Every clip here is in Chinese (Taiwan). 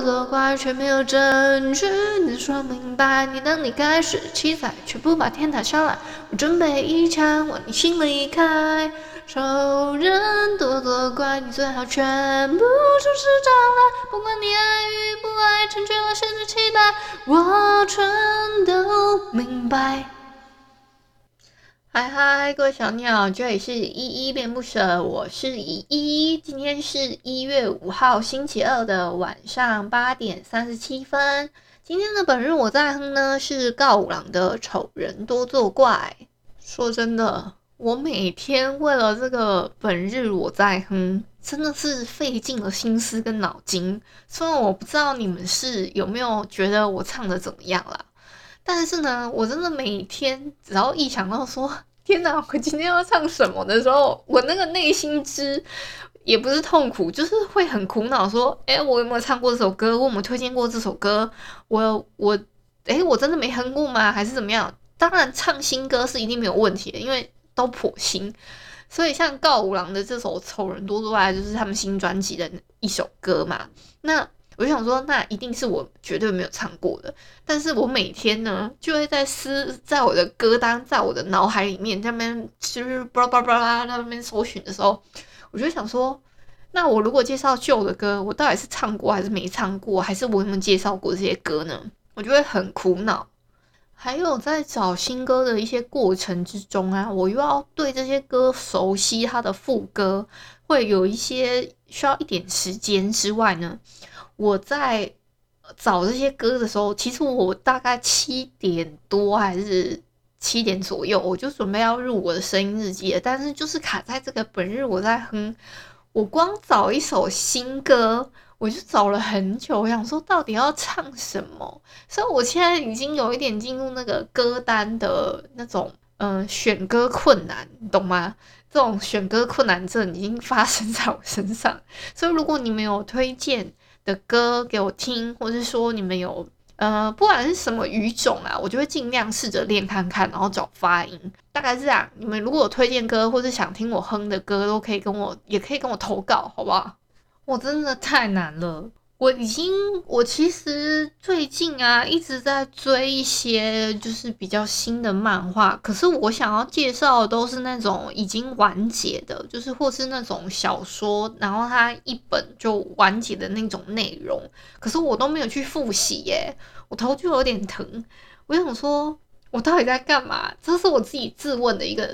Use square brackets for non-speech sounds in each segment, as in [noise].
多作怪卻沒有證據，能說明白。你能力蓋世七彩，卻不把天踏下來。我準備一槍，往你心裡開。醜人多作怪，你最好全部從實招來。不管你愛與不愛，成全了誰的期待，我全都明白。嗨嗨，Hi, Hi, 各位小鳥，這裡是依依戀不捨，我是依依。今天是一月五號星期二的晚上八點三十七分。今天的本日我在哼呢，是告五人的《醜人多作怪》。說真的，我每天為了這個本日我在哼，真的是費盡了心思跟腦筋。雖然我不知道你們是有沒有覺得我唱的怎麼樣啦，但是呢，我真的每天只要一想到說。天吶、啊、我今天要唱什麼的時候，我那個內心之也不是痛苦，就是會很苦惱，說：“哎、欸，我有沒有唱過這首歌？我們推薦過這首歌？我我誒、欸、我真的沒哼過嗎？還是怎麼樣？”當然，唱新歌是一定沒有問題的，因為都頗新。所以，像告五人的這首《醜人多作怪》就是他們新專輯的一首歌嘛。那。我就想說，那一定是我絕對沒有唱過的。但是我每天呢，就會在私，在我的歌單，在我的腦海裡面那邊，就是巴拉巴拉巴拉那邊搜尋的時候，我就想說，那我如果介紹舊的歌，我到底是唱過還是沒唱過，還是我有沒有介紹過這些歌呢？我就會很苦惱。還有在找新歌的一些過程之中啊，我又要對這些歌熟悉它的副歌，會有一些需要一點時間之外呢。我在找這些歌的時候，其實我大概七點多還是七點左右，我就準備要錄我的聲音日記了，但是就是卡在這個本日。我在哼，我光找一首新歌，我就找了很久。我想說，到底要唱什麼？所以，我現在已經有一點進入那個歌單的那種，嗯、呃，選歌困難，你懂嗎？這種選歌困難症已經發生在我身上。所以，如果你沒有推薦。的歌給我聽，或是說你們有呃，不管是什麼語種啊，我就會盡量試着練看看，然後找發音。大概是這樣。你們如果有推薦歌，或是想聽我哼的歌，都可以跟我，也可以跟我投稿，好不好？我、哦、真的太難了。我已經，我其實最近啊一直在追一些就是比較新的漫畫，可是我想要介紹的都是那種已經完結的，就是或是那種小說，然後它一本就完結的那種內容，可是我都沒有去複習耶，我頭就有點疼。我想說，我到底在幹嘛？這是我自己自問的一個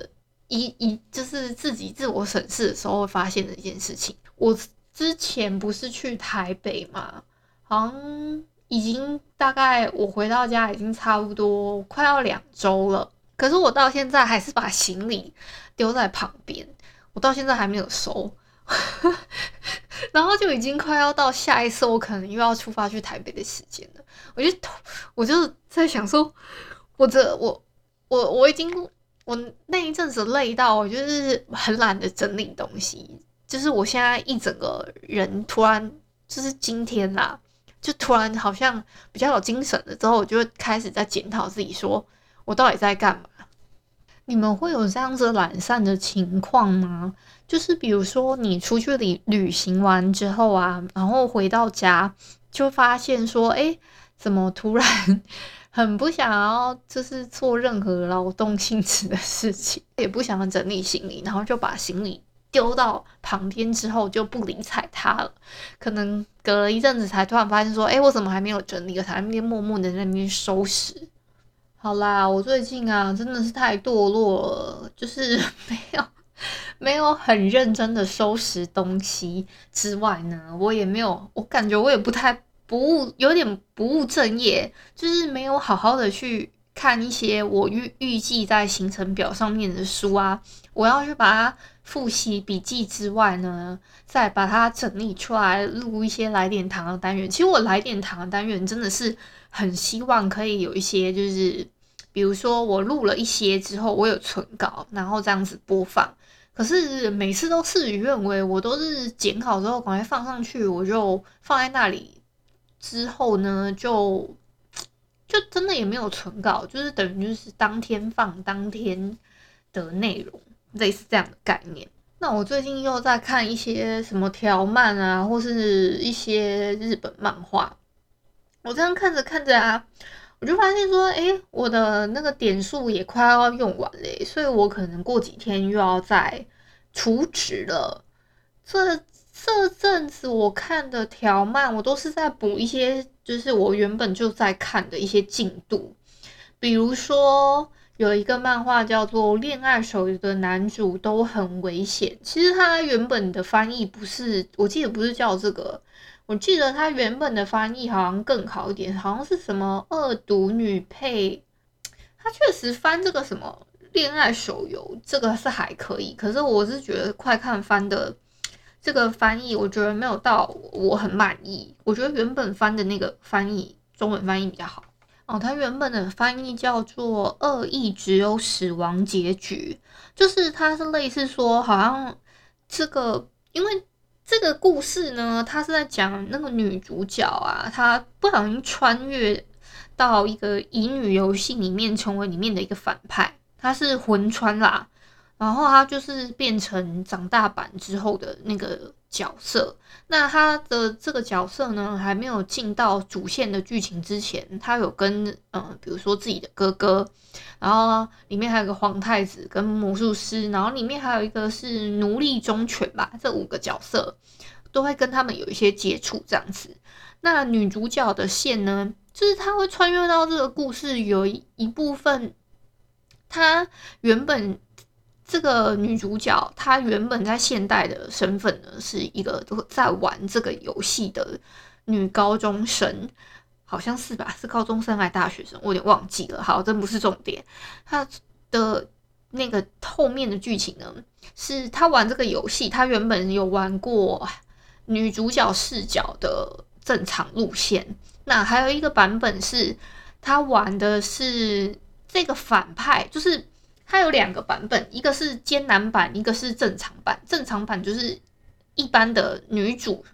一一，就是自己自我審視的時候會發現的一件事情，我。之前不是去台北嘛，好像已經大概我回到家已經差不多快要兩周了，可是我到現在還是把行李丟在旁邊，我到現在還沒有收， [laughs] 然後就已經快要到下一次我可能又要出發去台北的時間了。我就我就在想說，我這我我我已經我那一陣子累到，我就是很懶得整理東西。就是我現在一整個人突然，就是今天啦、啊、就突然好像比較有精神了。之後我就會開始在檢討自己說，說我到底在幹嘛？你們會有這樣子懶散的情況嗎？就是比如說你出去旅旅行完之後啊，然後回到家就發現說，哎、欸，怎麼突然 [laughs] 很不想要，就是做任何勞動性質的事情，也不想整理行李，然後就把行李。丟到旁邊之後就不理睬它了，可能隔了一陣子才突然發現說，哎、欸，我怎麼還沒有整理？在那邊默默的在那邊收拾。好啦，我最近啊真的是太墮落了，就是沒有沒有很認真的收拾東西之外呢，我也沒有，我感覺我也不太不務，有點不務正業，就是沒有好好的去看一些我預預計在行程表上面的書啊，我要去把它。複習筆記之外呢，再把它整理出來，錄一些來點糖的單元。其實我來點糖的單元真的是很希望可以有一些，就是比如說我錄了一些之後，我有存稿，然後這樣子播放。可是每次都事與願違，我都是剪好之後趕快放上去，我就放在那裡。之後呢，就就真的也沒有存稿，就是等於就是當天放當天的內容。類似這樣的概念。那我最近又在看一些什麼條漫啊，或是一些日本漫畫。我這樣看着看着啊，我就發現說，哎、欸，我的那個點數也快要用完了、欸，所以我可能過幾天又要再儲值了。這這陣子我看的條漫，我都是在補一些，就是我原本就在看的一些進度，比如說。有一個漫畫叫做《戀愛手遊》的男主都很危險。其實他原本的翻譯不是，我記得不是叫這個。我記得他原本的翻譯好像更好一點，好像是什麼“惡毒女配”。他確實翻這個什麼“戀愛手遊”，這個是還可以。可是我是覺得快看翻的這個翻譯，我覺得沒有到我很滿意。我覺得原本翻的那個翻譯，中文翻譯比較好。哦，它原本的翻譯叫做“惡意只有死亡結局”，就是它是類似說，好像這個，因為這個故事呢，它是在講那個女主角啊，她不小心穿越到一個乙女遊戲裡面，成為裡面的一個反派，她是魂穿啦，然後她就是變成長大版之後的那個。角色，那他的這個角色呢，還沒有進到主線的劇情之前，他有跟嗯、呃，比如說自己的哥哥，然後呢裡面還有一個皇太子跟魔術師，然後裡面還有一個是奴隸忠犬吧，這五個角色都會跟他們有一些接觸這樣子。那女主角的線呢，就是他會穿越到這個故事，有一一部分，他原本。這個女主角，她原本在現代的身份呢，是一個在玩這個遊戲的女高中生，好像是吧？是高中生還是大學生？我有點忘記了。好，這不是重點。她的那個後面的劇情呢，是她玩這個遊戲。她原本有玩過女主角視角的正常路線。那還有一個版本是她玩的是這個反派，就是。它有兩個版本，一個是艱難版，一個是正常版。正常版就是一般的女主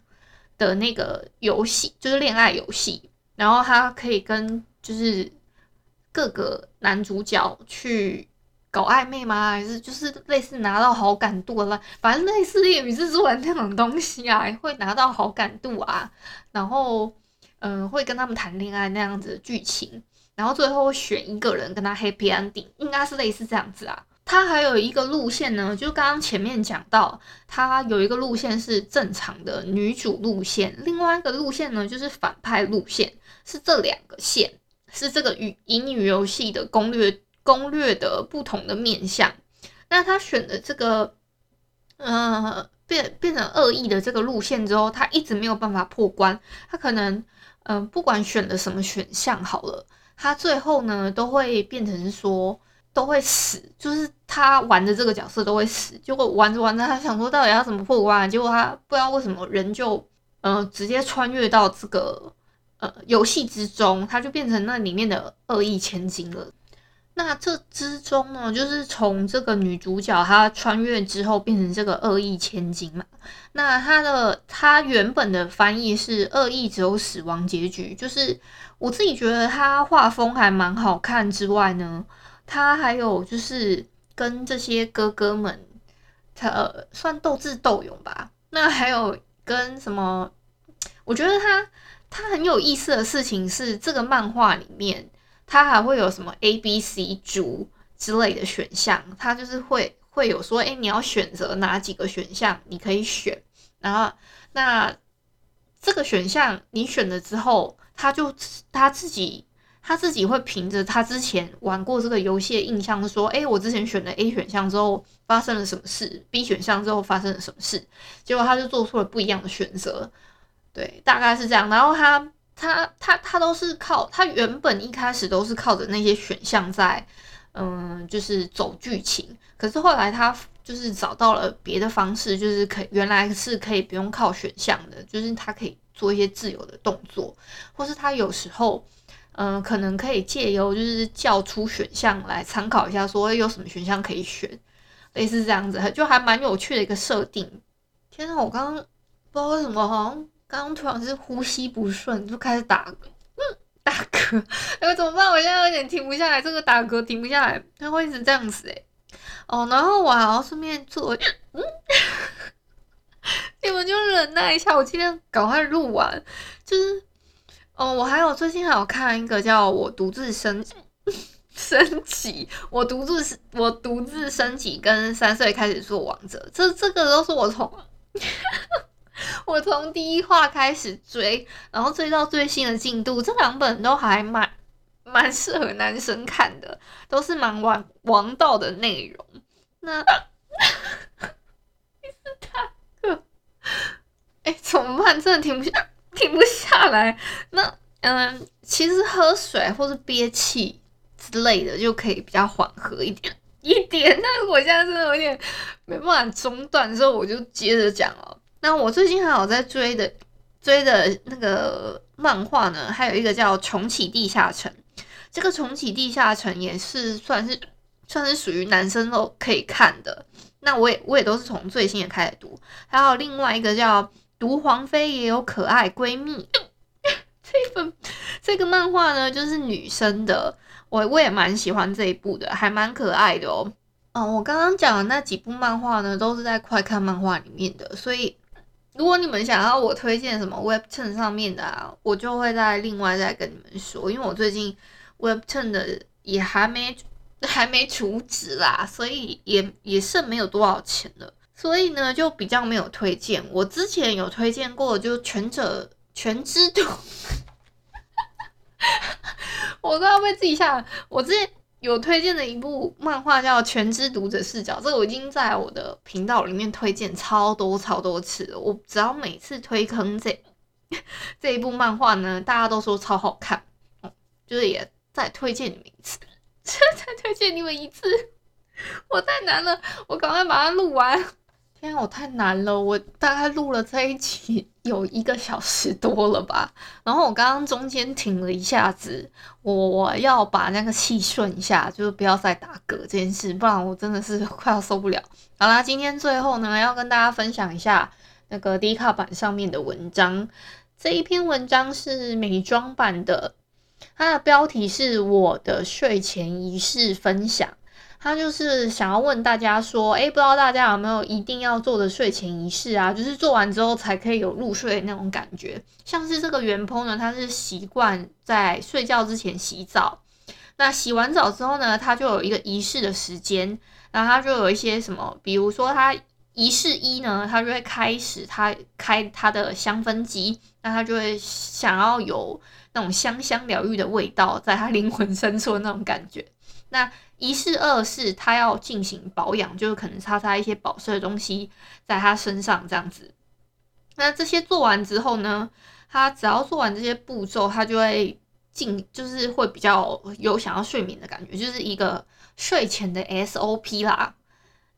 的那個遊戲，就是戀愛遊戲，然後她可以跟就是各個男主角去搞曖昧嗎？還是就是類似拿到好感度了，反正類似《戀與製作人》那種東西啊，會拿到好感度啊，然後嗯、呃，會跟他們談戀愛那樣子的劇情。然後最後選一個人跟他 happy ending，應該是類似這樣子啊。他還有一個路線呢，就剛剛前面講到，他有一個路線是正常的女主路線，另外一個路線呢就是反派路線，是這兩個線，是這個語英女遊戲的攻略攻略的不同的面向。那他選的這個，嗯、呃，變變成惡意的這個路線之後，他一直沒有辦法破關，他可能，嗯、呃，不管選了什麼選項，好了。他最後呢，都會變成說都會死，就是他玩的這個角色都會死。結果玩着玩着，他想說到底要怎麼破關？結果他不知道為什麼人就嗯、呃、直接穿越到這個呃遊戲之中，他就變成那裡面的惡意千金了。那這之中呢，就是從這個女主角她穿越之後變成這個惡意千金嘛。那她的她原本的翻譯是惡意只有死亡結局，就是我自己覺得她畫風還蠻好看之外呢，她還有就是跟這些哥哥們，他呃，算鬥智鬥勇吧。那還有跟什麼？我覺得她她很有意思的事情是，這個漫畫裡面。它還會有什麼 A、B、C、族之類的選項？它就是會會有說，哎、欸，你要選擇哪幾個選項？你可以選。然後，那這個選項你選了之後，他就他自己他自己會憑着他之前玩過這個遊戲的印象，說，哎、欸，我之前選了 A 選項之後發生了什麼事？B 選項之後發生了什麼事？結果他就做出了不一樣的選擇。對，大概是這樣。然後他。他他他都是靠他原本一開始都是靠着那些選項在，嗯，就是走劇情。可是後來他就是找到了別的方式，就是可以原來是可以不用靠選項的，就是他可以做一些自由的動作，或是他有時候，嗯，可能可以借由就是叫出選項來參考一下，說有什麼選項可以選，類似這樣子，就還蠻有趣的一個設定。天啊，我剛剛不知道為什麼好像。剛剛突然是呼吸不順，就開始打嗯打嗝，哎、欸、我怎麼辦？我現在有點停不下來，這個打嗝停不下來，它會一直這樣子哎、欸、哦，然後我還要順便做，嗯，你們就忍耐一下，我今天趕快錄完，就是哦，我還有最近還有看一個叫我獨自升升級，我獨自我獨自升級跟三歲開始做王者，這這個都是我從。我從第一話開始追，然後追到最新的進度，這兩本都還蠻蠻適合男生看的，都是蠻王王道的內容。那， [laughs] 你是他的？哎、欸，怎麼辦？真的停不下，停不下來。那，嗯，其實喝水或者憋氣之類的就可以比較緩和一點一點。但是我現在真的有點沒辦法中斷，所以我就接着講了。那我最近還有在追的追的那個漫畫呢，還有一個叫《重啟地下城》，這個《重啟地下城》也是算是算是屬於男生都可以看的。那我也我也都是從最新的開始讀，還有另外一個叫《毒皇妃》，也有可愛閨蜜。這一本這個漫畫呢，就是女生的，我我也蠻喜歡這一部的，還蠻可愛的、喔、哦。嗯，我剛剛講的那幾部漫畫呢，都是在快看漫畫裡面的，所以。如果你們想要我推薦什麼 Webtoon 上面的啊，我就會再另外再跟你們說，因為我最近 Webtoon 的也還沒還沒儲值啦，所以也也剩沒有多少錢了，所以呢就比較沒有推薦。我之前有推薦過，就《全者全知讀哈， [laughs] 我都要被自己嚇，我之前。有推薦的一部漫畫叫《全知讀者視角》，這個我已經在我的頻道裡面推薦超多超多次了。我只要每次推坑這這一部漫畫呢，大家都說超好看，嗯、就是也再推薦你們一次， [laughs] 真的再推薦你們一次，我太難了，我趕快把它錄完。因為我太難了，我大概錄了這一集有一個小時多了吧。然後我剛剛中間停了一下子，我要把那個氣順一下，就是不要再打嗝這件事，不然我真的是快要受不了。好啦，今天最後呢，要跟大家分享一下那個 Dcard 版上面的文章。這一篇文章是美妝版的，它的標題是我的睡前儀式分享。他就是想要問大家說，哎、欸，不知道大家有沒有一定要做的睡前儀式啊？就是做完之後才可以有入睡那種感覺。像是這個圓烹呢，他是習慣在睡覺之前洗澡，那洗完澡之後呢，他就有一個儀式的時間，然後他就有一些什麼，比如說他儀式一呢，他就會開始他開他的香氛機，那他就會想要有那種香香療癒的味道，在他靈魂深處的那種感覺。那一是二，是他要進行保養，就是可能擦擦一些保濕的東西在他身上這樣子。那這些做完之後呢，他只要做完這些步驟，他就會進，就是會比較有想要睡眠的感覺，就是一個睡前的 SOP 啦。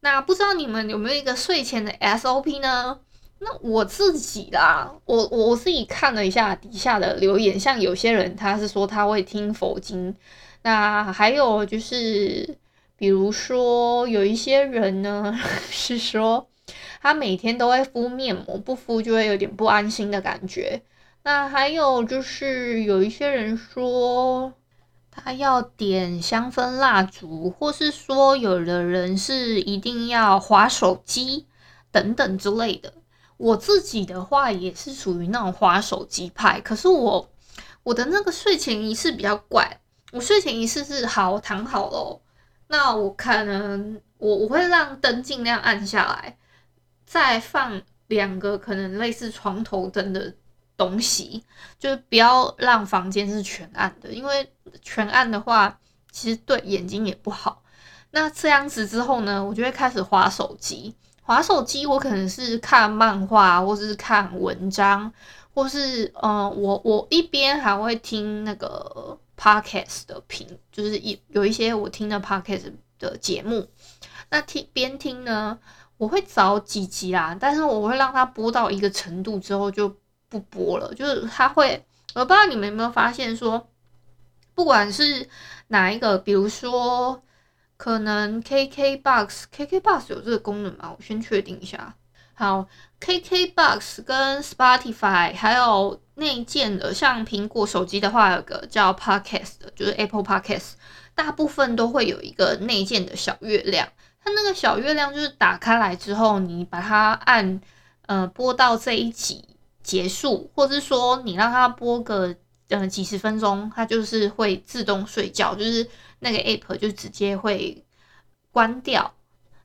那不知道你們有沒有一個睡前的 SOP 呢？那我自己啦，我我自己看了一下底下的留言，像有些人他是說他會聽佛經。那還有就是，比如說有一些人呢是說，他每天都會敷面膜，不敷就會有點不安心的感覺。那還有就是有一些人說，他要點香氛蠟燭，或是說有的人是一定要滑手機等等之類的。我自己的話也是屬於那種滑手機派，可是我我的那個睡前儀式比較怪。我睡前儀式是好躺好嘍、哦，那我可能我我會讓燈盡量暗下來，再放兩個可能類似床頭燈的東西，就是不要讓房間是全暗的，因為全暗的話其實對眼睛也不好。那這樣子之後呢，我就會開始滑手機，滑手機我可能是看漫畫，或是看文章，或是嗯，我我一邊還會聽那個。Podcast 的評就是一有一些我聽的 Podcast 的節目，那聽邊聽呢，我會找幾集啦、啊，但是我會讓它播到一個程度之後就不播了，就是它會，我不知道你們有沒有發現說，不管是哪一個，比如說可能 KKBOX，KKBOX 有這個功能嗎？我先確定一下。好，KK Box 跟 Spotify，還有內建的，像蘋果手機的話，有個叫 Podcast 的，就是 Apple Podcast，大部分都會有一個內建的小月亮。它那個小月亮就是打開來之後，你把它按，呃，播到這一集結束，或者是說你讓它播個，呃，幾十分鐘，它就是會自動睡覺，就是那個 App 就直接會關掉，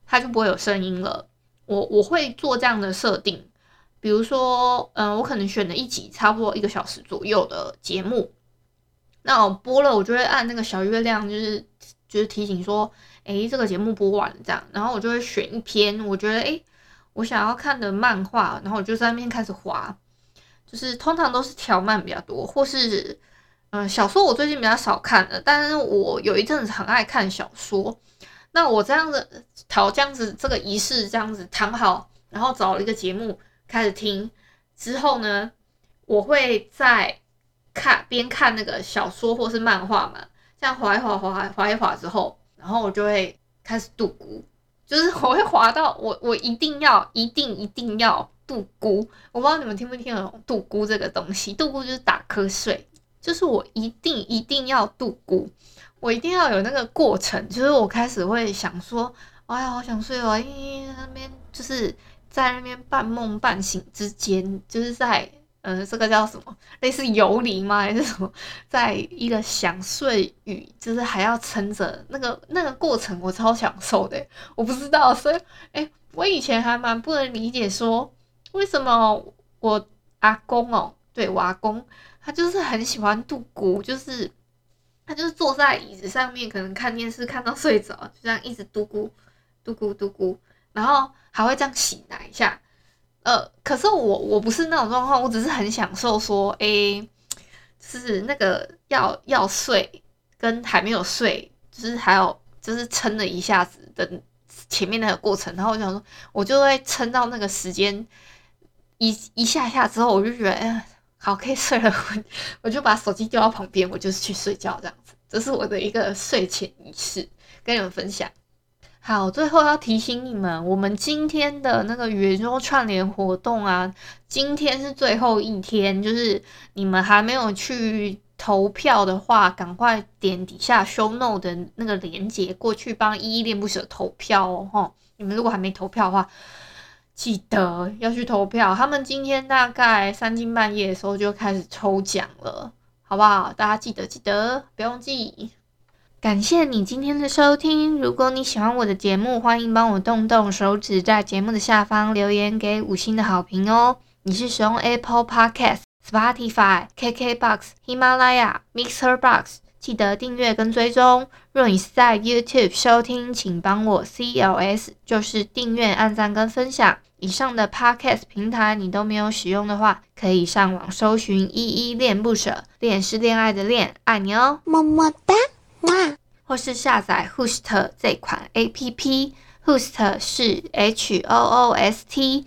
它就不會有聲音了。我我會做這樣的設定，比如說，嗯、呃，我可能選了一集，差不多一個小時左右的節目，那我播了，我就會按那個小月亮，就是就是提醒說，誒，這個節目播完了，這樣，然後我就會選一篇我覺得誒，我想要看的漫畫，然後我就在那邊開始滑，就是通常都是條漫比較多，或是嗯、呃，小說我最近比較少看了，但是我有一陣子很愛看小說。那我這樣子，討這樣子，這個儀式這樣子躺好，然後找了一個節目開始聽，之後呢，我會再看邊看那個小說或是漫畫嘛，這樣滑一滑，滑，滑滑一滑之後，然後我就會開始度孤，就是我會滑到我我一定要一定一定要度孤，我不知道你們聽不聽那種度孤這個東西，度孤就是打瞌睡，就是我一定一定要度孤。我一定要有那個過程，就是我開始會想說，哦、哎呀，好想睡哦，哎、那邊就是在那邊半夢半醒之間，就是在，嗯，這個叫什麼？類似游離嗎？還是什麼？在一個想睡與就是還要撐着那個那個過程，我超享受的。我不知道，所以，誒、欸、我以前還蠻不能理解說，為什麼我阿公哦、喔，對，我阿公他就是很喜歡度谷，就是。他就是坐在椅子上面，可能看電視看到睡着，就這樣一直嘟咕嘟咕嘟咕，然後還會這樣醒來一下。呃，可是我我不是那種狀況，我只是很享受說，欸，就是那個要要睡跟還沒有睡，就是還有就是撐了一下子的前面那個過程。然後我想說，我就會撐到那個時間，一一下下之後，我就覺得哎。好，可以睡了。我我就把手機丟到旁邊，我就是去睡覺這樣子。這是我的一個睡前儀式，跟你們分享。好，最後要提醒你們，我們今天的那個語言週串聯活動啊，今天是最後一天，就是你們還沒有去投票的話，趕快點底下 show note 的那個鏈接過去幫依依戀不捨投票哦，哦。你們如果還沒投票的話，記得要去投票，他們今天大概三更半夜的時候就開始抽獎了，好不好？大家記得記得，不用記。感謝你今天的收聽，如果你喜歡我的節目，歡迎幫我動動手指，在節目的下方留言給五星的好評哦。你是使用 Apple Podcast、Spotify、KKBox、喜馬拉雅、Mixer Box，記得訂閱跟追蹤。若你是在 YouTube 收聽，請幫我 CLS，就是訂閱、按讚跟分享。以上的 Podcast 平台你都沒有使用的話，可以上網搜尋“依依戀不捨”，戀是戀愛的戀，愛你哦，麼麼噠，哇！或是下載 Hoost 這款 APP，Hoost 是 H-O-O-S-T。O o S T,